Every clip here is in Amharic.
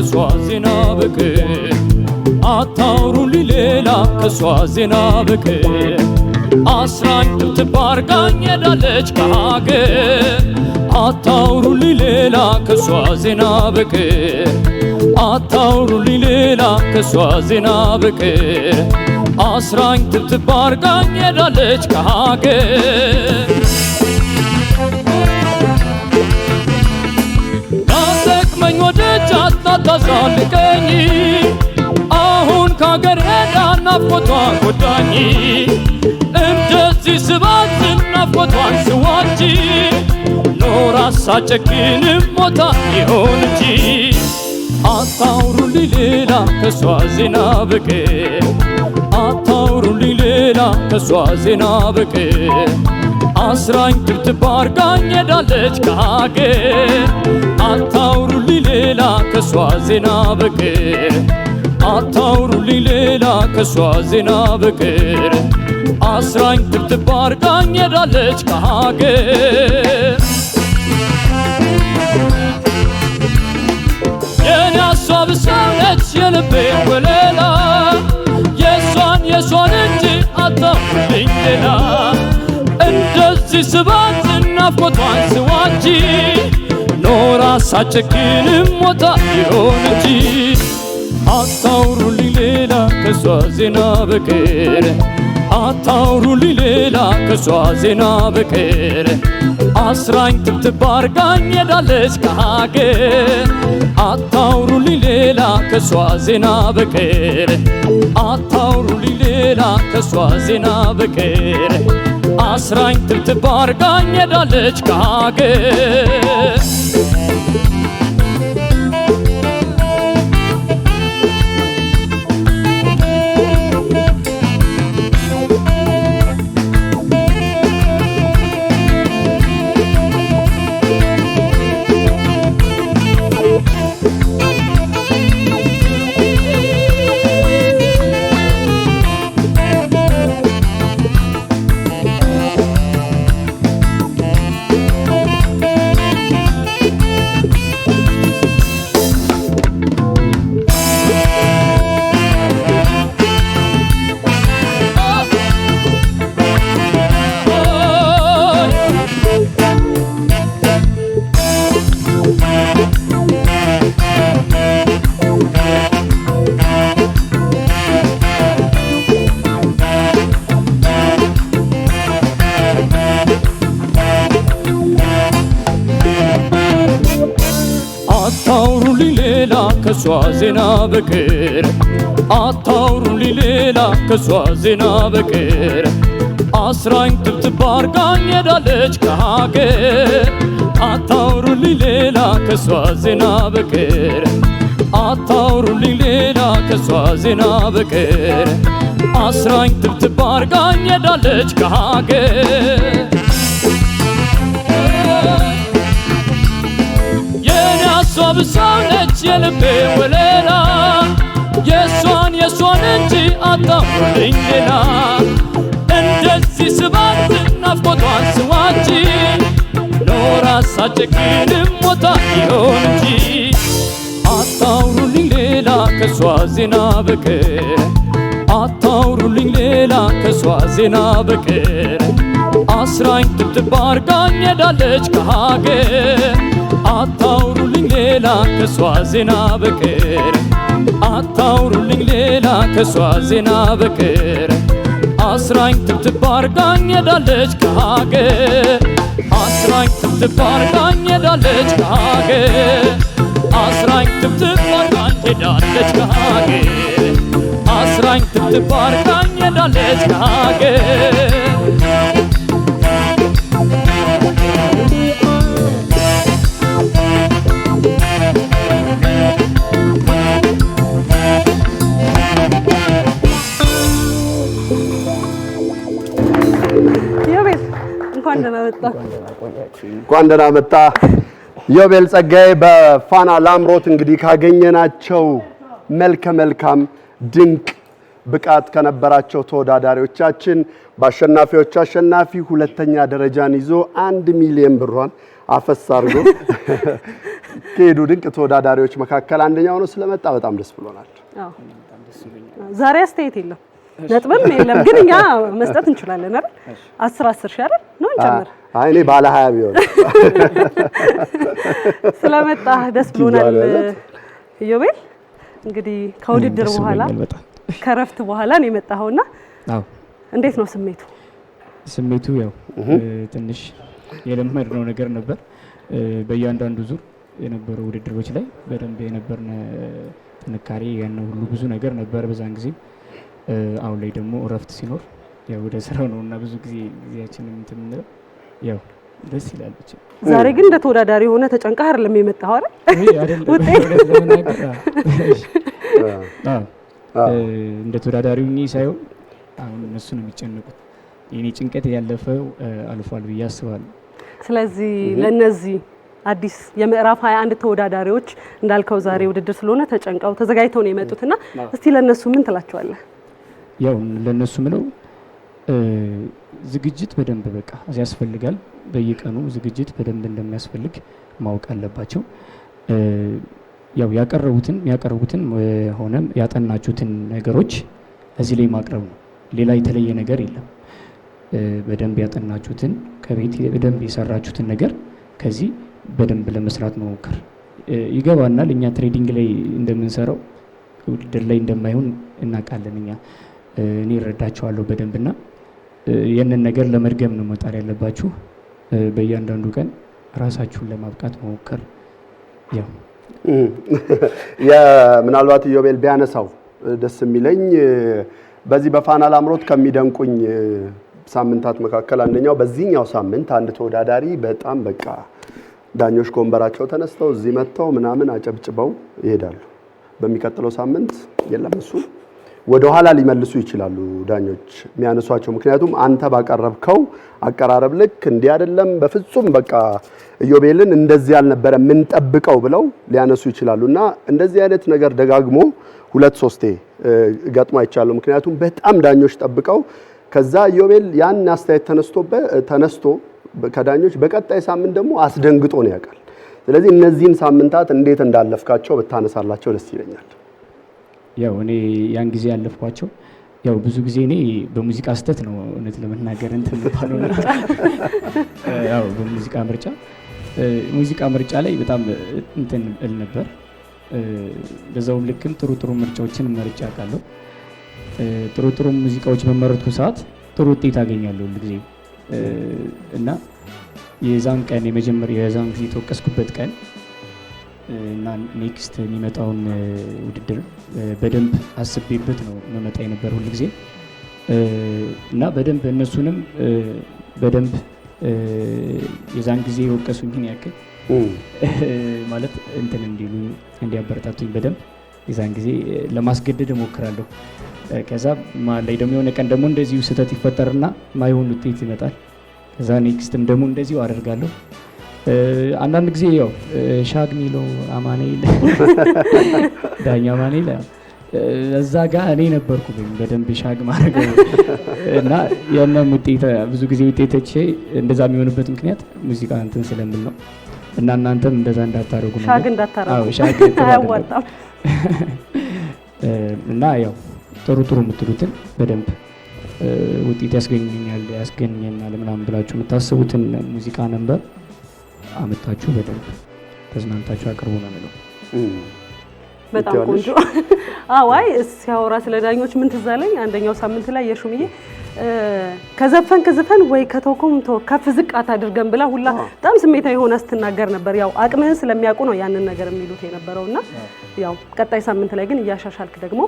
ከሷ ዜና በቀር አታውሩልኝ ሌላ ከሷ ዜና በቀር አስራኝ ትባርካኝ ሄዳለች ከሀገር አታውሩልኝ ሌላ ከሷ ዜና በቀር አታውሩልኝ ሌላ ከሷ ዜና በቀር አስራኝ ትባርካኝ ሄዳለች ከሀገር እጅ አታታሳልቀኝ አሁን ካገሬ ናፍቆቷ ጎዳኝ እንደዚህ ስባት ናፍቆቷን ስዋች ኖራ ሳጨግን ሞታ ይሆን እንጂ አታውሩልኝ ሌላ ከሷ ዜና በቀር አታውሩልኝ ሌላ ከሷ ዜና በቀር አስራኝ ትብትብ አርጋኝ ሄዳለች ከሀገር አታውሩልኝ ሌላ ከሷ ዜና በቀር አታውሩልኝ ሌላ ከሷ ዜና በቀር አስራኝ ትብትብ አርጋኝ ሄዳለች ከሀገር የኔ ሀሳብ ሰውነች የልቤ ወለላ የሷን የሷን እንጂ አታውሩልኝ ሌላ ስባት ናፍቆቷን ስዋጂ ኖራ ሳጨክንም ሞታ የሆነች አታውሩልኝ ሌላ ከሷ ዜና በቀር አታውሩልኝ ሌላ ከሷ ዜና በቀር አስራኝ ትብትብ አርጋኝ ሄዳለች ከሀገር ከሷ ዜና በቀር አታውሩሊ ሌላ ከሷ ዜና በቀር አስራኝ ትብትብ አርጋኝ ሄዳለች ከሀገር ከሷ ዜና በቀር አታውሩ ሌላ ከሷ ዜና በቀር አስራኝ ትብትብ አርጋኝ ሄዳለች ከሀገር አታውሩልኝ ሌላ ከሷ ዜና በቀር አታውሩልኝ ሌላ ከሷ ዜና በቀር አስራኝ ትብትብ ሄዳለች ከሀገር የኔ አሷ ብሳነ የልቤ ወለላ የሷን የእሷን እንጂ አጣሁልኝ ሌላ እንደዚህ ስባት ናፍቆቷን ስዋች ኖራ ሳጨክን ሞታ ይሆን እንጂ አታውሩልኝ ሌላ ከሷ ዜና በቀር አታውሩልኝ ሌላ ከሷ ዜና በቀር አስራኝ ትብትብ ሄዳለች ከሀገር አታውሩልኝ ሌላ ከሷ ዜና በቀር አታውሩልኝ ሌላ ከሷ ዜና በቀር አስራኝ ትብትብ አርጋኝ ሄዳለች ከሀገር አስራኝ ትብትብ አርጋኝ ሄዳለች ከሀገር አስራኝ ትብትብ አርጋኝ ሄዳለች ከሀገር አስራኝ ትብትብ ሄዳለች ከሀገር እንኳን ደህና መጣ ዮቤል ጸጋዬ። በፋና ላምሮት እንግዲህ ካገኘናቸው መልከ መልካም ድንቅ ብቃት ከነበራቸው ተወዳዳሪዎቻችን በአሸናፊዎች አሸናፊ ሁለተኛ ደረጃን ይዞ አንድ ሚሊዮን ብሯን አፈሳ አድርጎ ከሄዱ ድንቅ ተወዳዳሪዎች መካከል አንደኛው ነው። ስለመጣ በጣም ደስ ብሎናል። ዛሬ አስተያየት የለም። ነጥብም የለም ግን እኛ መስጠት እንችላለን አይደል? አስር አስር ሺህ አይደል ነው እንጨምር። አይ እኔ ባለ ሀያ ቢሆን ስለመጣህ ደስ ብሎናል። ኢዮቤል እንግዲህ ከውድድር በኋላ ከረፍት በኋላ ነው የመጣኸውና እንዴት ነው ስሜቱ? ስሜቱ ያው ትንሽ የለመድነው ነገር ነበር። በእያንዳንዱ ዙር የነበሩ ውድድሮች ላይ በደንብ የነበርን ጥንካሬ ያን ሁሉ ብዙ ነገር ነበር በዛን ጊዜ አሁን ላይ ደግሞ እረፍት ሲኖር ያው ወደ ስራው ነው እና ብዙ ጊዜ ጊዜያችንን እንትን የምንለው ያው ደስ ይላል። ብቻ ዛሬ ግን እንደ ተወዳዳሪ የሆነ ተጨንቀህ አይደለም የመጣኸው አይደል? ውጤት እንደ ተወዳዳሪ እኔ ሳይሆን አሁን እነሱ ነው የሚጨነቁት። የኔ ጭንቀት ያለፈው አልፏል ብዬ አስባለሁ። ስለዚህ ለእነዚህ አዲስ የምዕራፍ 21 ተወዳዳሪዎች እንዳልከው ዛሬ ውድድር ስለሆነ ተጨንቀው ተዘጋጅተው ነው የመጡትና እስቲ ለእነሱ ምን ትላቸዋለህ? ያው ለነሱ ምለው ዝግጅት በደንብ በቃ ያስፈልጋል። በየቀኑ ዝግጅት በደንብ እንደሚያስፈልግ ማወቅ አለባቸው። ያው ያቀረቡትን ያቀረቡትን ሆነ ያጠናችሁትን ነገሮች እዚህ ላይ ማቅረብ ነው። ሌላ የተለየ ነገር የለም። በደንብ ያጠናችሁትን ከቤት በደንብ የሰራችሁትን ነገር ከዚህ በደንብ ለመስራት መሞከር ይገባናል። እኛ ትሬዲንግ ላይ እንደምንሰራው ውድድር ላይ እንደማይሆን እናውቃለን እኛ እኔ እረዳቸዋለሁ በደንብ እና ነገር ለመድገም ነው መጣር ያለባችሁ። በእያንዳንዱ ቀን ራሳችሁን ለማብቃት መሞከር። ያው ምናልባት ኢዮቤል ቢያነሳው ደስ የሚለኝ በዚህ በፋና ላምሮት ከሚደንቁኝ ሳምንታት መካከል አንደኛው በዚህኛው ሳምንት አንድ ተወዳዳሪ በጣም በቃ ዳኞች ከወንበራቸው ተነስተው እዚህ መጥተው ምናምን አጨብጭበው ይሄዳሉ። በሚቀጥለው ሳምንት የለም እሱ ወደ ኋላ ሊመልሱ ይችላሉ ዳኞች የሚያነሷቸው። ምክንያቱም አንተ ባቀረብከው አቀራረብ ልክ እንዲህ አይደለም፣ በፍጹም በቃ ኢዮቤልን እንደዚህ ያልነበረ የምንጠብቀው ብለው ሊያነሱ ይችላሉ። እና እንደዚህ አይነት ነገር ደጋግሞ ሁለት ሶስቴ ገጥሞ አይቻለሁ። ምክንያቱም በጣም ዳኞች ጠብቀው ከዛ ኢዮቤል ያን አስተያየት ተነስቶ ከዳኞች በቀጣይ ሳምንት ደግሞ አስደንግጦ ነው ያውቃል። ስለዚህ እነዚህን ሳምንታት እንዴት እንዳለፍካቸው ብታነሳላቸው ደስ ይለኛል። ያው እኔ ያን ጊዜ ያለፍኳቸው ያው ብዙ ጊዜ እኔ በሙዚቃ ስህተት ነው እውነት ለመናገር እንትን ባለው ያው በሙዚቃ ምርጫ ሙዚቃ ምርጫ ላይ በጣም እንትን እል ነበር። በዛውም ልክም ጥሩ ጥሩ ምርጫዎችን መርጫ አውቃለሁ። ጥሩ ጥሩ ሙዚቃዎች በመረጥኩ ሰዓት ጥሩ ውጤት አገኛለሁ ሁል ጊዜ እና የዛን ቀን የመጀመሪያ የዛን ጊዜ የተወቀስኩበት ቀን እና ኔክስት የሚመጣውን ውድድር በደንብ አስቤበት ነው መመጣ የነበር ሁል ጊዜ እና በደንብ እነሱንም በደንብ የዛን ጊዜ የወቀሱኝን ያክል ማለት እንትን እንዲሉ እንዲያበረታቱኝ በደንብ የዛን ጊዜ ለማስገደድ እሞክራለሁ። ከዛ ላይ ደግሞ የሆነ ቀን ደግሞ እንደዚሁ ስህተት ይፈጠርና ማይሆን ውጤት ይመጣል። ከዛ ኔክስትም ደግሞ እንደዚሁ አደርጋለሁ። አንዳንድ ጊዜ ያው ሻግ የሚለው አማኑኤል ዳኛ አማኔል እዛ ጋር እኔ ነበርኩ በደንብ ሻግ ማድረገው እና ያንን ውጤት ብዙ ጊዜ ውጤቶቼ እንደዛ የሚሆንበት ምክንያት ሙዚቃ እንትን ስለምል ነው። እና እናንተም እንደዛ እንዳታረጉ ሻግ እንዳታረጉ እና ያው ጥሩ ጥሩ የምትሉትን በደንብ ውጤት ያስገኘኛል ያስገኘኛል ምናምን ብላችሁ የምታስቡትን ሙዚቃ ነበር አመጣችሁ በደንብ ተዝናንታችሁ አቅርቡ ነው የሚለው። በጣም ቆንጆ። አዋይ ሲያወራ ስለ ዳኞች ምን ትዝ አለኝ፣ አንደኛው ሳምንት ላይ የሹምዬ ከዘፈን ከዘፈን ወይ ከተውኩም ከፍ ዝቅ አታድርገን ብላ ሁላ በጣም ስሜታዊ የሆነ ስትናገር ነበር። ያው አቅምህን ስለሚያውቁ ነው ያንን ነገር የሚሉት የነበረው እና ያው ቀጣይ ሳምንት ላይ ግን እያሻሻልክ ደግሞ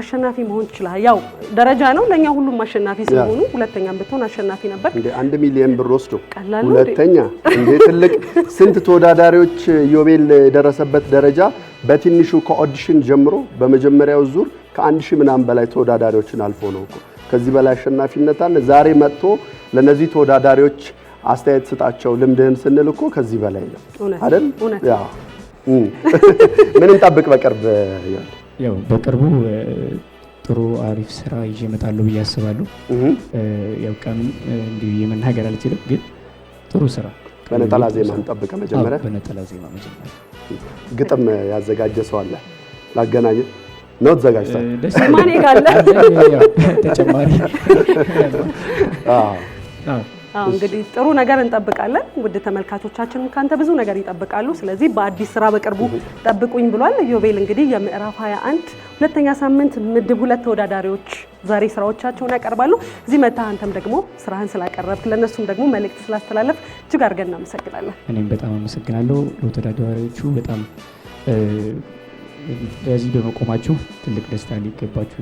አሸናፊ መሆን ይችላል። ያው ደረጃ ነው ለእኛ ሁሉም አሸናፊ ሲሆኑ፣ ሁለተኛም ብትሆን አሸናፊ ነበር። እንደ አንድ ሚሊዮን ብር ወስዶ ሁለተኛ እንደ ትልቅ ስንት ተወዳዳሪዎች ዮቤል የደረሰበት ደረጃ በትንሹ ከኦዲሽን ጀምሮ በመጀመሪያው ዙር ከአንድ ሺህ ምናምን በላይ ተወዳዳሪዎችን አልፎ ነው እኮ። ከዚህ በላይ አሸናፊነት አለ? ዛሬ መጥቶ ለነዚህ ተወዳዳሪዎች አስተያየት ስጣቸው ልምድህን ስንል እኮ ከዚህ በላይ ነው አይደል? ምን እንጠብቅ በቅርብ ያው በቅርቡ ጥሩ አሪፍ ስራ ይዤ እመጣለሁ ብዬ አስባለሁ። ያው ቀኑን እንዲሁ የመናገር አልችልም፣ ግን ጥሩ ስራ በነጠላ ዜማ እንጠብቀ መጀመሪያ በነጠላ ዜማ መጀመሪያ ግጥም ያዘጋጀ ሰው አለ ላገናኘ ነው ተዘጋጅታል። ማን ካለ ተጨማሪ እንግዲህ ጥሩ ነገር እንጠብቃለን። ውድ ተመልካቾቻችን ካንተ ብዙ ነገር ይጠብቃሉ። ስለዚህ በአዲስ ስራ በቅርቡ ጠብቁኝ ብሏል ዮቤል። እንግዲህ የምዕራፍ 21 ሁለተኛ ሳምንት ምድብ ሁለት ተወዳዳሪዎች ዛሬ ስራዎቻቸውን ያቀርባሉ። እዚህ መጥተህ አንተም ደግሞ ስራህን ስላቀረብክ ለእነሱም ደግሞ መልእክት ስላስተላለፍ እጅግ አድርገን እናመሰግናለን። እኔም በጣም አመሰግናለሁ ለተወዳዳሪዎቹ በጣም ለዚህ በመቆማችሁ ትልቅ ደስታ ሊገባችሁ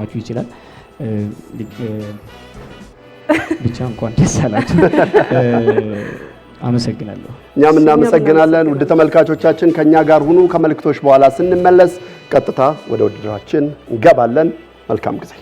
ሊሰማችሁ ይችላል። ብቻ እንኳን ደስ አላችሁ። አመሰግናለሁ። እኛም እናመሰግናለን። ውድ ተመልካቾቻችን ከእኛ ጋር ሁኑ። ከመልእክቶች በኋላ ስንመለስ ቀጥታ ወደ ውድድራችን እንገባለን። መልካም ጊዜ